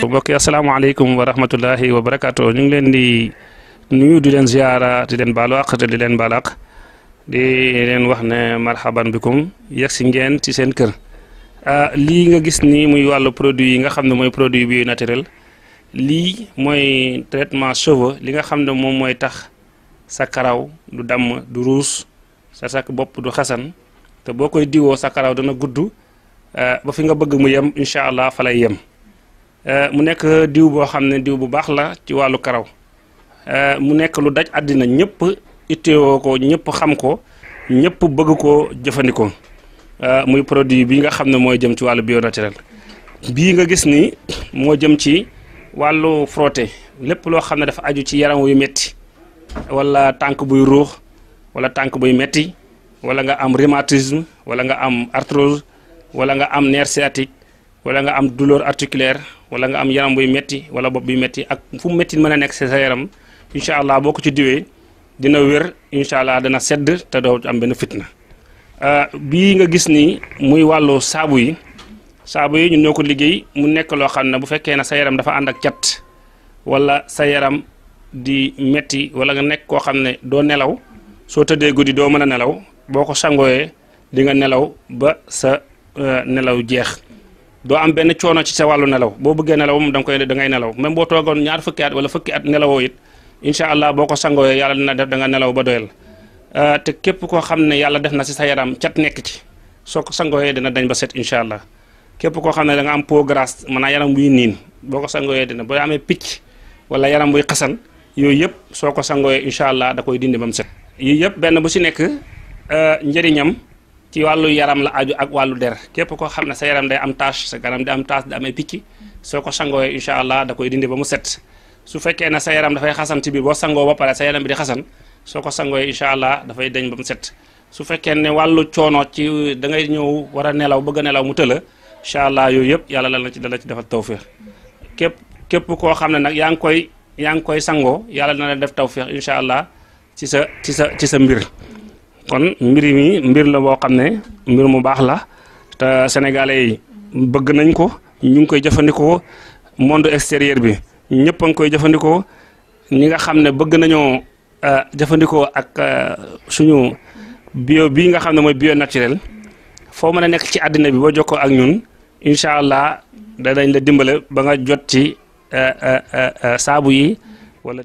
mbokk yi asalaamaaleykum wa rahmatullahi wa barakaatu ñu ngi leen di nuyu di leen ziara di leen baalu àq di leen baal àq wax ne marhaban bikum yegg si ngeen ci seen kër ah, lii nga gis ni muy wàllu produit yi nga xam ne mooy produit bio naturel lii mooy traitement cheveux li nga xam ne moom mooy tax sa karaw du damm du ruus sa sak bopp du xasan te boo koy diwoo sa karaw dana gudd ah, ba fi nga bëgg mu yem incha allah fa yem. Eh, mu nekk diw boo xam ne diw bu baax la ci wàllu karaw eh, mu nekk lu daj àddina ñëpp itteewoo ko ñëpp xam ko ñëpp bëgg ko jëfandikoo eh, muy produit bi nga xam ne mooy jëm ci wàllu bio naturel bii nga gis ni moo jëm ci wàllu frotté lépp loo xam ne dafa aju ci yaram yu metti wala tànk buy ruux wala tànk buy metti wala nga am rhumatisme wala nga am arthrose wala nga am nerf sciatique wala nga am douleur articulaire wala nga am yaram buy metti wala bopp bi metti ak fu mu metti mën a nekk si sa yaram incha allah boo ko ci diwee dina wér incha allah dana sedd te doo am benn fitna. Ah, bii nga gis ni muy wàllu saabu yi saabu yi ñun ñoo ko liggéey mu nekk loo xam ne bu fekkee ne sa yaram dafa ànd ak cat wala sa yaram di metti wala nga nekk koo xam ne doo nelaw soo tëddee guddi doo mën a nelaw boo ko sangoo di nga nelaw ba sa eh, nelaw jeex. doo am benn coono ci sa wàllu nelaw boo bëggee nelaw moom da nga koy da ngay nelaw même boo toogoon ñaar fukki at wala fukki at nelawoo it incha allah boo ko sangoo yàlla dina def da nga nelaw ba doyal euh, te képp koo xam ne yàlla def na si sa yaram cat nekk ci soo ko sangooyee dina dañ ba set incha allah képp koo xam ne da nga am peau grasse maanaam yaram buy niin boo ko sangooyee dina boo amee picc wala yaram buy xasan yooyu yëpp soo ko sangooyee incha allah da koy dindi ba mu set. yii yëpp benn bu si nekk euh, njëriñam. ci wàllu yaram la aju ak wàllu der képp koo xam ne sa yaram day am tache sa kanam di am tache di am ay picc soo ko sangooyee incha allah da koy dindi ba mu set su fekkee ne sa yaram dafay xasan ci biir sangoo ba pare sa yaram bi di xasan soo ko sangooyee incha allah dafay deñ ba mu set su fekkee ne wàllu coono ci da ngay ñëw war a nelaw bëgg a nelaw mu tëla incha allah yooyu yëpp yàlla la ci dala ci defal tawféex képp képp koo xam ne nag yaa ngi koy yaa ngi koy sangoo yàlla dana la def tawféex incha allah ci sa ci sa ci sa mbir kon mbir mi mbir la boo xam ne mbir mu baax la te sénégalais yi bëgg nañ ko ñu ngi koy jëfandikoo monde extérieur bi ñëpp a ngi koy jëfandikoo ñi nga xam ne bëgg nañoo euh, jëfandikoo ak euh, suñu bio bii nga xam ne mooy bio naturel foo mën a nekk ci àddina bi boo jokkoo ak ñun incha allah danañ la dimbale ba nga jot ci euh, saabu yi wala.